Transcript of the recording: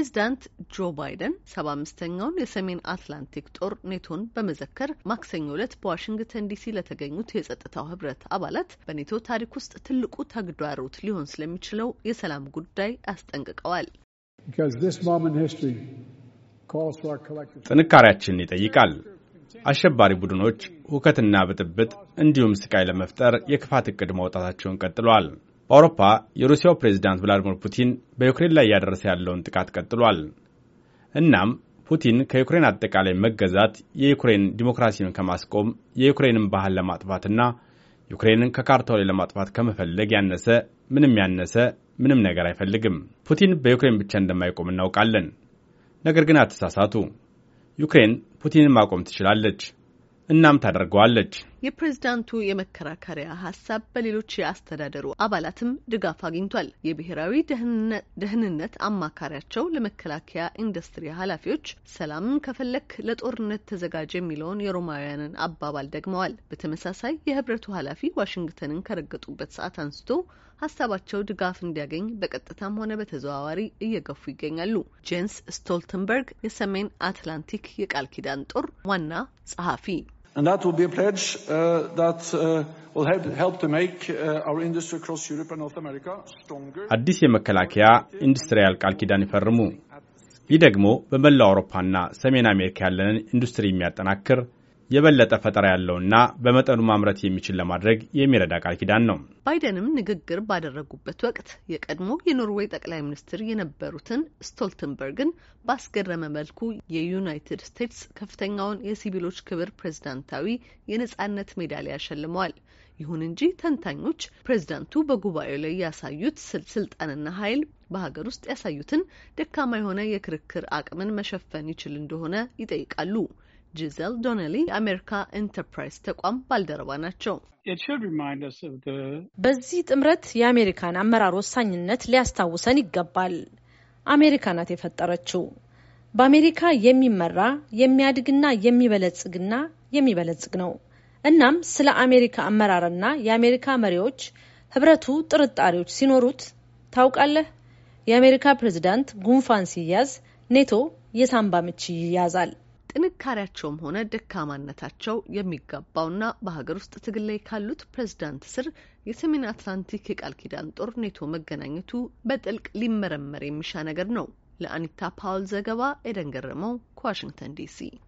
ፕሬዚዳንት ጆ ባይደን ሰባ አምስተኛውን የሰሜን አትላንቲክ ጦር ኔቶን በመዘከር ማክሰኞ ዕለት በዋሽንግተን ዲሲ ለተገኙት የጸጥታው ህብረት አባላት በኔቶ ታሪክ ውስጥ ትልቁ ተግዳሮት ሊሆን ስለሚችለው የሰላም ጉዳይ አስጠንቅቀዋል። ጥንካሬያችንን ይጠይቃል። አሸባሪ ቡድኖች ሁከትና ብጥብጥ እንዲሁም ስቃይ ለመፍጠር የክፋት እቅድ ማውጣታቸውን ቀጥለዋል። በአውሮፓ የሩሲያው ፕሬዚዳንት ቭላዲሚር ፑቲን በዩክሬን ላይ እያደረሰ ያለውን ጥቃት ቀጥሏል። እናም ፑቲን ከዩክሬን አጠቃላይ መገዛት የዩክሬን ዲሞክራሲን ከማስቆም የዩክሬንን ባህል ለማጥፋትና ዩክሬንን ከካርታው ላይ ለማጥፋት ከመፈለግ ያነሰ ምንም ያነሰ ምንም ነገር አይፈልግም። ፑቲን በዩክሬን ብቻ እንደማይቆም እናውቃለን። ነገር ግን አትሳሳቱ፣ ዩክሬን ፑቲንን ማቆም ትችላለች። እናም ታደርገዋለች። የፕሬዝዳንቱ የመከራከሪያ ሀሳብ በሌሎች የአስተዳደሩ አባላትም ድጋፍ አግኝቷል። የብሔራዊ ደህንነት አማካሪያቸው ለመከላከያ ኢንዱስትሪ ኃላፊዎች ሰላምን ከፈለክ ለጦርነት ተዘጋጅ የሚለውን የሮማውያንን አባባል ደግመዋል። በተመሳሳይ የህብረቱ ኃላፊ ዋሽንግተንን ከረገጡበት ሰዓት አንስቶ ሀሳባቸው ድጋፍ እንዲያገኝ በቀጥታም ሆነ በተዘዋዋሪ እየገፉ ይገኛሉ። ጄንስ ስቶልተንበርግ የሰሜን አትላንቲክ የቃል ኪዳን ጦር ዋና ጸሐፊ and that will be a pledge uh, that uh, will help help to make uh, our industry across Europe and North America stronger. አዲስ የመከላከያ ኢንዱስትሪያል ቃል ኪዳን ይፈርሙ። ይህ ደግሞ በመላው አውሮፓና ሰሜን አሜሪካ ያለንን ኢንዱስትሪ የሚያጠናክር የበለጠ ፈጠራ ያለውና በመጠኑ ማምረት የሚችል ለማድረግ የሚረዳ ቃል ኪዳን ነው። ባይደንም ንግግር ባደረጉበት ወቅት የቀድሞ የኖርዌይ ጠቅላይ ሚኒስትር የነበሩትን ስቶልተንበርግን ባስገረመ መልኩ የዩናይትድ ስቴትስ ከፍተኛውን የሲቪሎች ክብር ፕሬዝዳንታዊ የነጻነት ሜዳሊያ ሸልመዋል። ይሁን እንጂ ተንታኞች ፕሬዝዳንቱ በጉባኤው ላይ ያሳዩት ስልጣንና ኃይል በሀገር ውስጥ ያሳዩትን ደካማ የሆነ የክርክር አቅምን መሸፈን ይችል እንደሆነ ይጠይቃሉ። ጂዘል ዶነሊ የአሜሪካ ኢንተርፕራይዝ ተቋም ባልደረባ ናቸው። በዚህ ጥምረት የአሜሪካን አመራር ወሳኝነት ሊያስታውሰን ይገባል። አሜሪካ ናት የፈጠረችው። በአሜሪካ የሚመራ የሚያድግና የሚበለጽግና የሚበለጽግ ነው። እናም ስለ አሜሪካ አመራርና የአሜሪካ መሪዎች ህብረቱ ጥርጣሬዎች ሲኖሩት ታውቃለህ፣ የአሜሪካ ፕሬዚዳንት ጉንፋን ሲያዝ ኔቶ የሳምባ ምች ይያዛል። ጥንካሬያቸውም ሆነ ደካማነታቸው ና በሀገር ውስጥ ትግል ላይ ካሉት ፕሬዝዳንት ስር የሰሜን አትላንቲክ የቃል ኪዳን ጦር ኔቶ መገናኘቱ በጥልቅ ሊመረመር የሚሻ ነገር ነው። ለአኒታ ፓውል ዘገባ ኤደን ገረመው ከዋሽንግተን ዲሲ